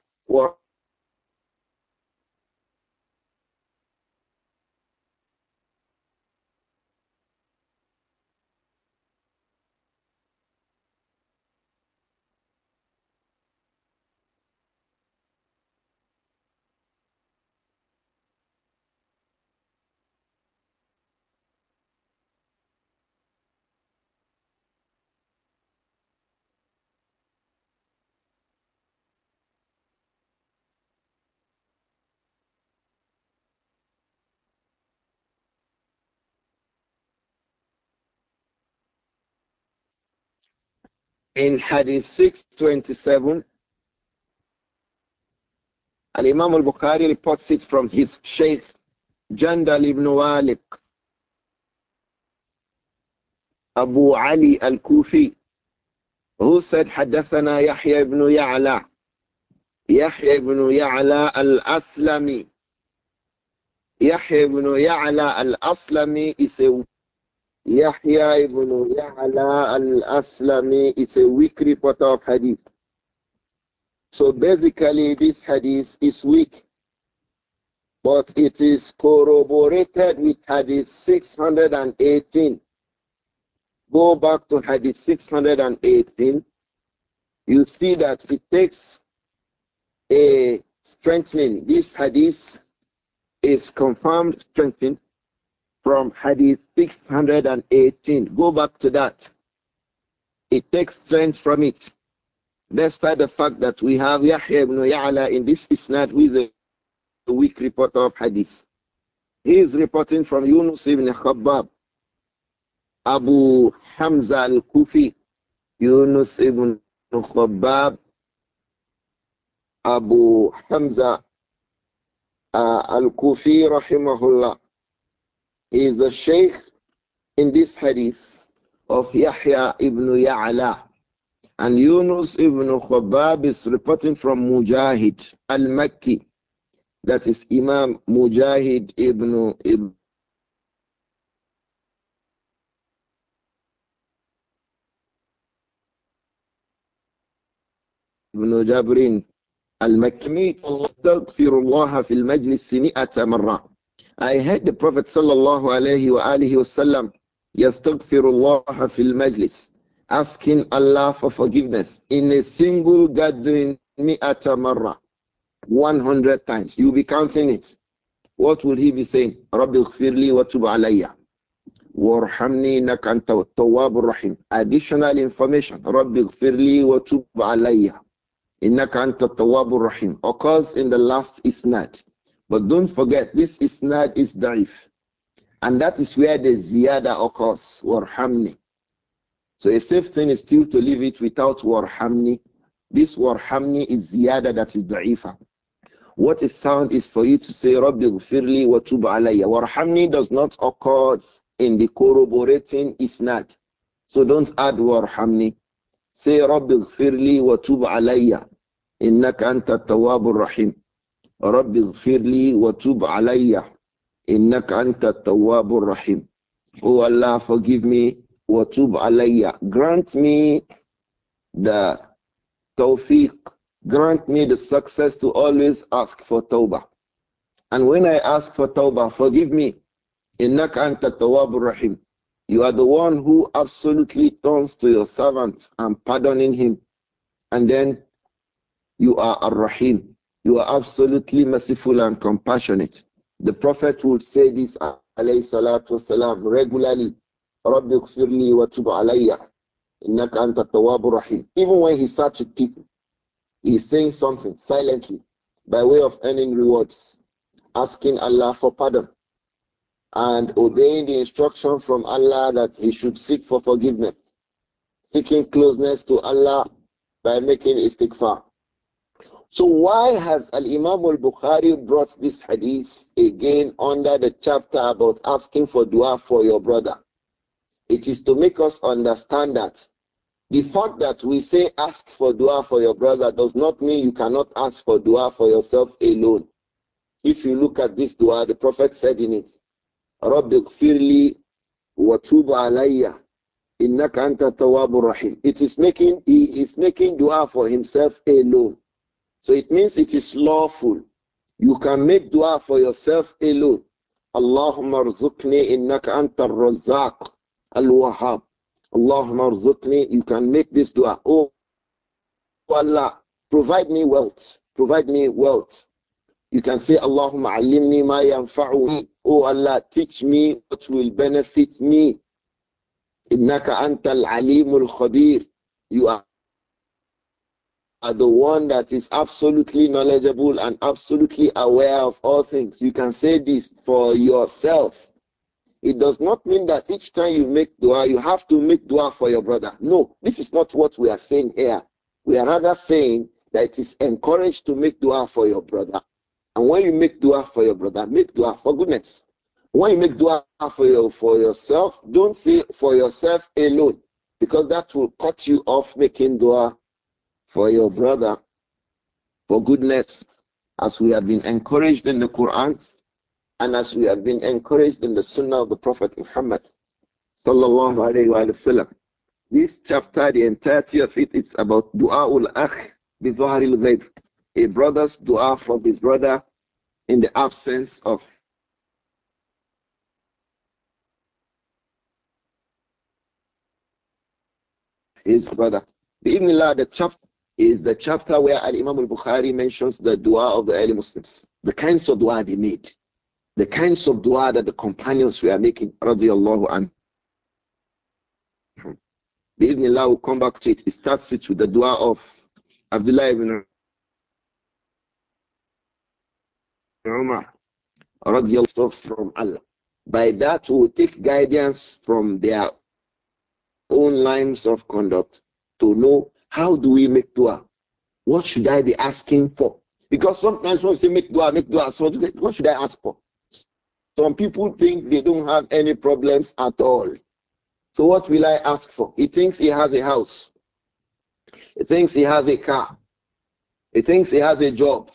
in Hadith 627, Al Imam al Bukhari reports it from his Shaykh Jandal ibn Walik, Abu Ali al Kufi, who said, Hadathana Yahya ibn Ya'la, Yahya ibn Ya'la al Aslami. Yahya ibn Ya'la al Aslami is a Yahya ibn Ya'la al-Aslami It's a weak report of hadith. So basically this hadith is weak, but it is corroborated with hadith 618. Go back to hadith 618. You see that it takes a strengthening. This hadith is confirmed strengthened from Hadith 618. Go back to that. It takes strength from it. Despite the fact that we have Yahya ibn Ya'la in this isnad with a weak reporter of Hadith. He is reporting from Yunus ibn Khabbab, Abu Hamza al-Kufi, Yunus ibn Khabbab, Abu Hamza uh, al-Kufi rahimahullah is the Shaykh in this hadith of Yahya ibn Ya'la. And Yunus ibn Khabbab is reporting from Mujahid al-Makki. That is Imam Mujahid ibn, ibn بن جابر المكمي استغفر الله في المجلس مئة I heard the Prophet sallallahu alayhi wa alihi wasallam yastaghfirullah fil majlis asking Allah for forgiveness in a single gathering mi'ata marra 100 times you'll be counting it what will he be saying rabbi ighfirli wa tub alayya warhamni innaka anta tawwabur rahim additional information rabbi ighfirli wa tub alayya innaka anta tawwabur rahim occurs in the last isnad but don't forget, this not is daif. And that is where the ziyada occurs, warhamni. So a safe thing is still to leave it without warhamni. This warhamni is ziyada that is daifa. What is sound is for you to say, Rabbi gfirli wa tub alayya. Warhamni does not occur in the corroborating isnad. So don't add warhamni. Say, Rabbi gfirli wa tub alayya. إنك anta التواب rahim. رب اغفر لي وتب علي إنك أنت التواب الرحيم Oh Allah forgive me وتب علي grant me the tawfiq grant me the success to always ask for tawbah and when I ask for tawbah forgive me إنك أنت التواب الرحيم You are the one who absolutely turns to your servant and pardoning him. And then you are a rahim you are absolutely merciful and compassionate. The Prophet would say this alayhi salatu wasalam regularly. Rabbi wa alayya. anta Even when he sat with people, he's saying something silently by way of earning rewards, asking Allah for pardon and obeying the instruction from Allah that he should seek for forgiveness, seeking closeness to Allah by making istighfar. So why has Al Imam Al Bukhari brought this hadith again under the chapter about asking for dua for your brother? It is to make us understand that the fact that we say ask for dua for your brother does not mean you cannot ask for dua for yourself alone. If you look at this dua, the Prophet said in it, رَبِّ اغْفِرْ لِي وَتُوبَ عَلَيَّ إِنَّكَ أَنْتَ التَّوَّابُ rahim." It is making, he is making dua for himself alone. So it means it is lawful. You can make dua for yourself alone. Allahumma rzuqni innaka anta razzaq al-wahhab. Allahumma rzuqni. You can make this dua. Oh, oh Allah, provide me wealth. Provide me wealth. You can say, Allahumma alimni ma yanfa'uni. Oh Allah, teach me what will benefit me. Innaka anta al-alimul khabir. You are are the one that is absolutely knowledgeable and absolutely aware of all things. You can say this for yourself. It does not mean that each time you make dua, you have to make dua for your brother. No, this is not what we are saying here. We are rather saying that it is encouraged to make dua for your brother. And when you make dua for your brother, make dua for goodness. When you make dua for, your, for yourself, don't say for yourself alone, because that will cut you off making dua for your brother, for goodness, as we have been encouraged in the Quran and as we have been encouraged in the Sunnah of the Prophet Muhammad. Sallallahu This chapter, the entirety of it, it's about dua ul akh bi ghaib, a brother's dua for his brother in the absence of his brother. Bi'inillah, the chapter is the chapter where Al Imam al Bukhari mentions the dua of the early Muslims, the kinds of dua they made, the kinds of dua that the companions were making, radiallahu anhu. Allah will come back to it. It starts it with the dua of Abdullah ibn Umar, radiallahu from Allah. By that, we will take guidance from their own lines of conduct to know how do we make dua? What should I be asking for? Because sometimes when we say make dua, make dua, so what should I ask for? Some people think they don't have any problems at all. So what will I ask for? He thinks he has a house. He thinks he has a car. He thinks he has a job.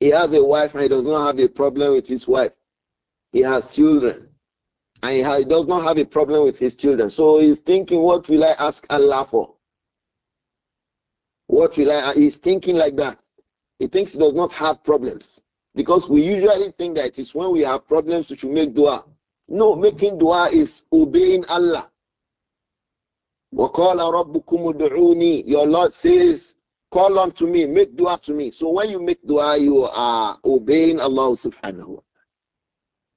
He has a wife and he does not have a problem with his wife. He has children. And he, he does not have a problem with his children. So he's thinking, what will I ask Allah for? What will I? He's thinking like that. He thinks he does not have problems because we usually think that it is when we have problems we should make dua. No, making dua is obeying Allah. Your Lord says, call unto me, make dua to me. So when you make dua, you are obeying Allah subhanahu wa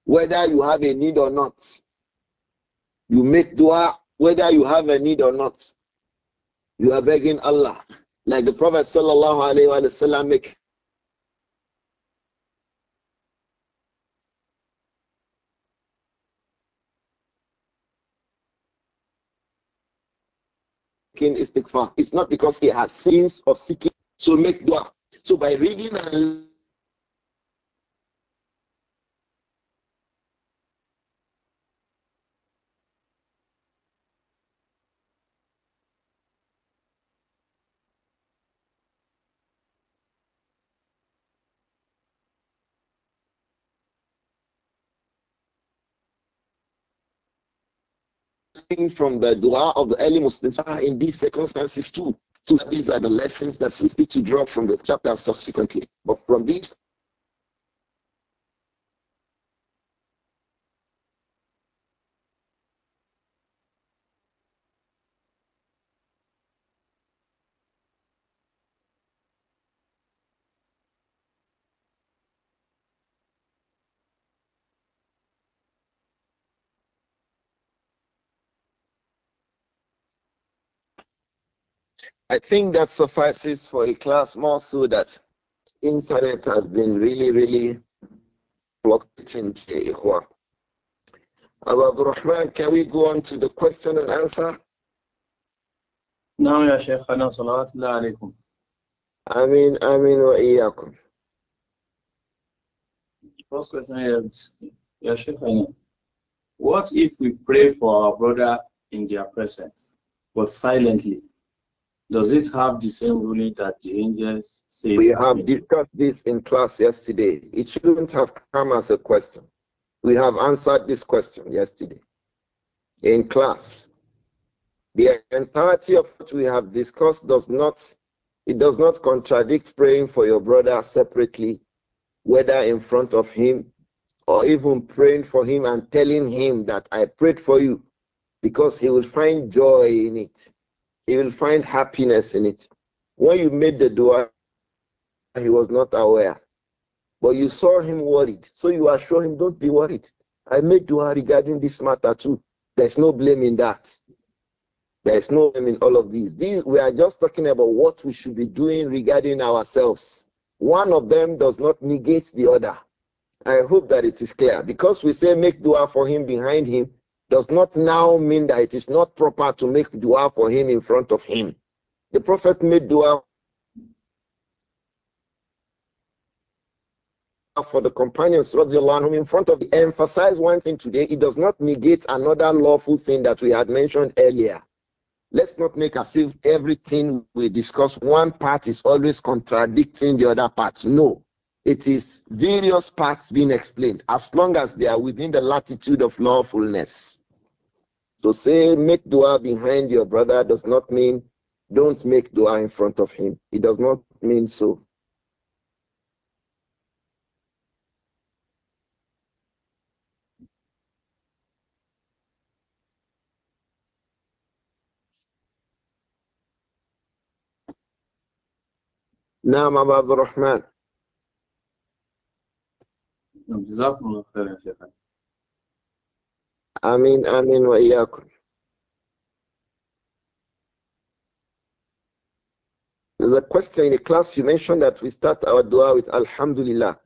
Whether you have a need or not, you make dua whether you have a need or not. You are begging Allah. Like the Prophet sallallahu alaihi wasallam make istighfar. It's not because he has sins or seeking, so make dua. So by reading and learning from the dua of the early Muslims ah, in these circumstances too. So these are the lessons that we need to draw from the chapter subsequently. But from these I think that suffices for a class more so that internet has been really, really fluctuating. Abu Rahman, can we go on to the question and answer? نعم يا شيخنا صلوات alaikum. عليكم آمين wa وإياكم First question is, يا شيخنا What if we pray for our brother in their presence, but silently? Does it have the same ruling that the angels say? We have discussed this in class yesterday. It shouldn't have come as a question. We have answered this question yesterday in class. The entirety of what we have discussed does not it does not contradict praying for your brother separately, whether in front of him or even praying for him and telling him that I prayed for you because he will find joy in it. He will find happiness in it. When you made the dua, he was not aware. But you saw him worried. So you assure him, don't be worried. I made dua regarding this matter too. There's no blame in that. There's no blame in all of these. These we are just talking about what we should be doing regarding ourselves. One of them does not negate the other. I hope that it is clear. Because we say make dua for him behind him, does not now mean that it is not proper to make dua for him in front of him. The Prophet made dua for the companions whom in front of the emphasize one thing today it does not negate another lawful thing that we had mentioned earlier let's not make as if everything we discuss one part is always contradicting the other part no it is various parts being explained as long as they are within the latitude of lawfulness to say make dua behind your brother does not mean don't make dua in front of him. It does not mean so. نعم أبا عبد الرحمن جزاكم الله آمين آمين وإياكم There's a question in the class you mentioned that we start our dua with Alhamdulillah.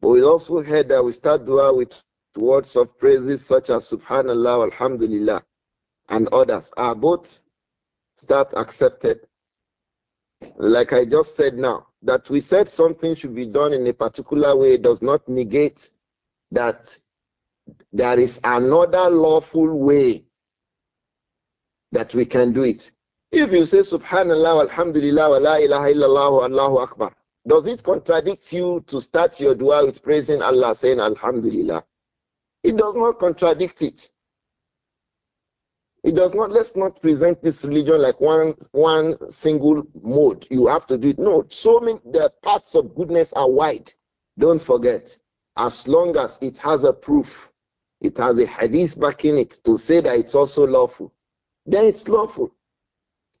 But we also heard that we start dua with words of praises such as Subhanallah, Alhamdulillah, and others. Are both start accepted? Like I just said now, that we said something should be done in a particular way does not negate that there is another lawful way that we can do it. If you say Subhanallah, Alhamdulillah, wa la ilaha illallah, Allahu Akbar, does it contradict you to start your dua with praising Allah, saying Alhamdulillah? It does not contradict it. It does not. Let's not present this religion like one one single mode. You have to do it. No, so many the paths of goodness are wide. Don't forget, as long as it has a proof it has a hadith backing it to say that it's also lawful. Then it's lawful.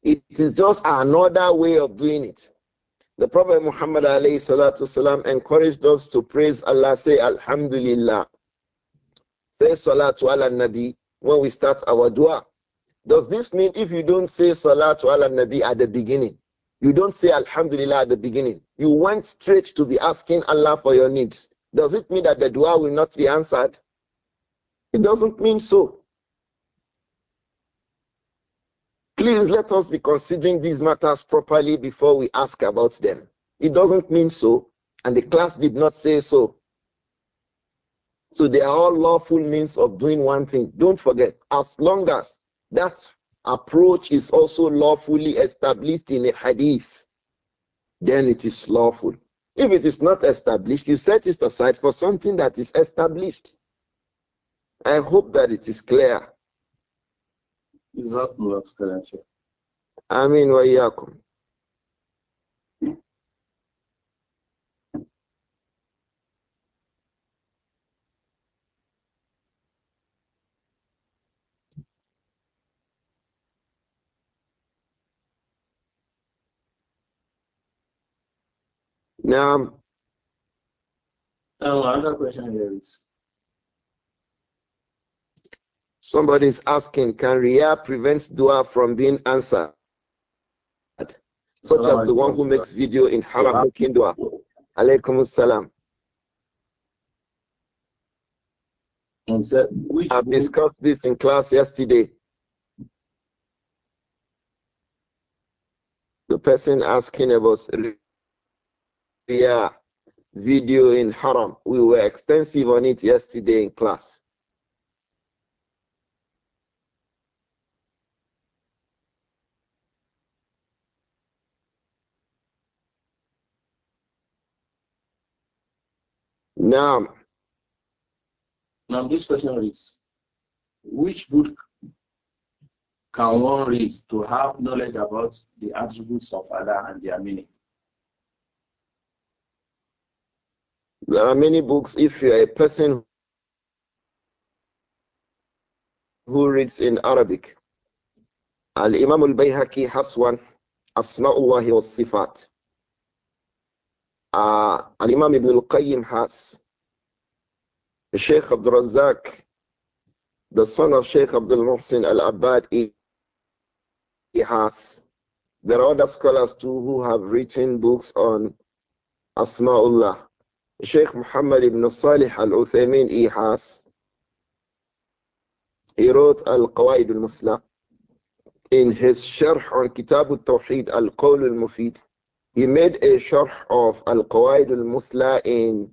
It is just another way of doing it. The Prophet Muhammad والسلام, encouraged us to praise Allah, say Alhamdulillah. Say Salatu ala Nabi when we start our dua. Does this mean if you don't say Salatu ala Nabi at the beginning, you don't say Alhamdulillah at the beginning, you went straight to be asking Allah for your needs? Does it mean that the dua will not be answered? It doesn't mean so. Please let us be considering these matters properly before we ask about them. It doesn't mean so, and the class did not say so. So they are all lawful means of doing one thing. Don't forget, as long as that approach is also lawfully established in a hadith, then it is lawful. If it is not established, you set it aside for something that is established. I hope that it is clear. I mean, وإياكم. you come? Now, another question here. Somebody is asking, can Ria prevent dua from being answered? Such as the one who makes video in haram making dua. Alaykum salam. I've discussed this in class yesterday. The person asking about Ria video in haram. We were extensive on it yesterday in class. Now, now this question reads, which book can one read to have knowledge about the attributes of Allah and their meaning? There are many books. If you are a person who reads in Arabic, Al Imam al Bayhaqi has one, Asma'ullah wa Sifat uh, Al-Imam Ibn Al-Qayyim has, the Sheikh Abdul Razak, the son of Sheikh Abdul Muhsin al abad he, has. There are other scholars too who have written books on Asma'ullah. Sheikh Muhammad ibn Salih al-Uthaymeen, he has. He wrote Al-Qawaid al-Musla in his Sharh on Kitab al-Tawheed, Al-Qawl al-Mufid. He made a sharh of Al-Qawaid al-Muthla in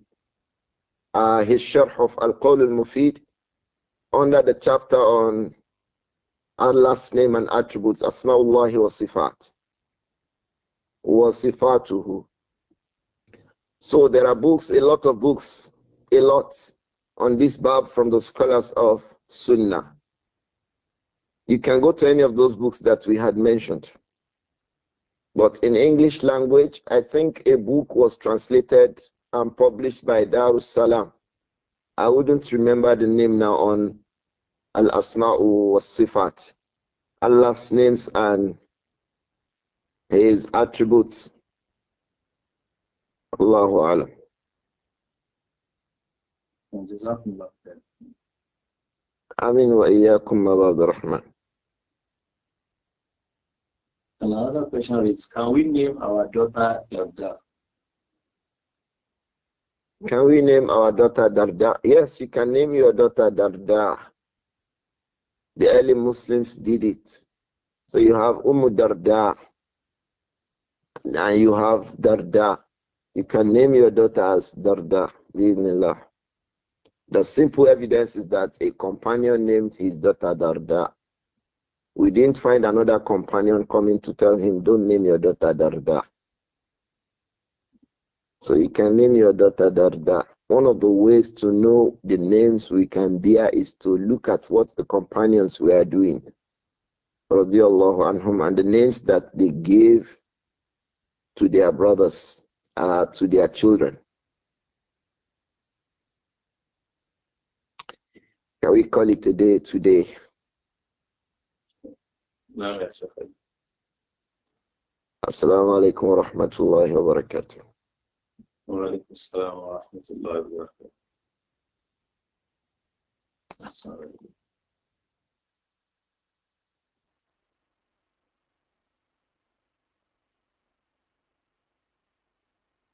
uh, his sharh of Al-Qawl al-Mufid under the chapter on Allah's name and attributes, Asma'ullahi wa Sifat. Wa Sifatuhu. So there are books, a lot of books, a lot on this bab from the scholars of Sunnah. You can go to any of those books that we had mentioned. But in English language, I think a book was translated and published by Darus Salam. I wouldn't remember the name now on Al Asma'u was Sifat. Allah's names and his attributes. Allahu Alam. جزاكم الله خير. آمين وإياكم الرحمن another question is, can we name our daughter Darda? Can we name our daughter Darda? Yes, you can name your daughter Darda. The early Muslims did it. So you have Umm Darda, and you have Darda. You can name your daughter as Darda, Bismillah. The simple evidence is that a companion named his daughter Darda. We didn't find another companion coming to tell him, don't name your daughter Darda. So you can name your daughter Darda. One of the ways to know the names we can bear is to look at what the companions were doing. and the names that they gave to their brothers, uh, to their children. Can we call it a day today? نعم يا شيخ السلام عليكم ورحمة الله وبركاته وعليكم السلام ورحمة الله وبركاته السلام عليكم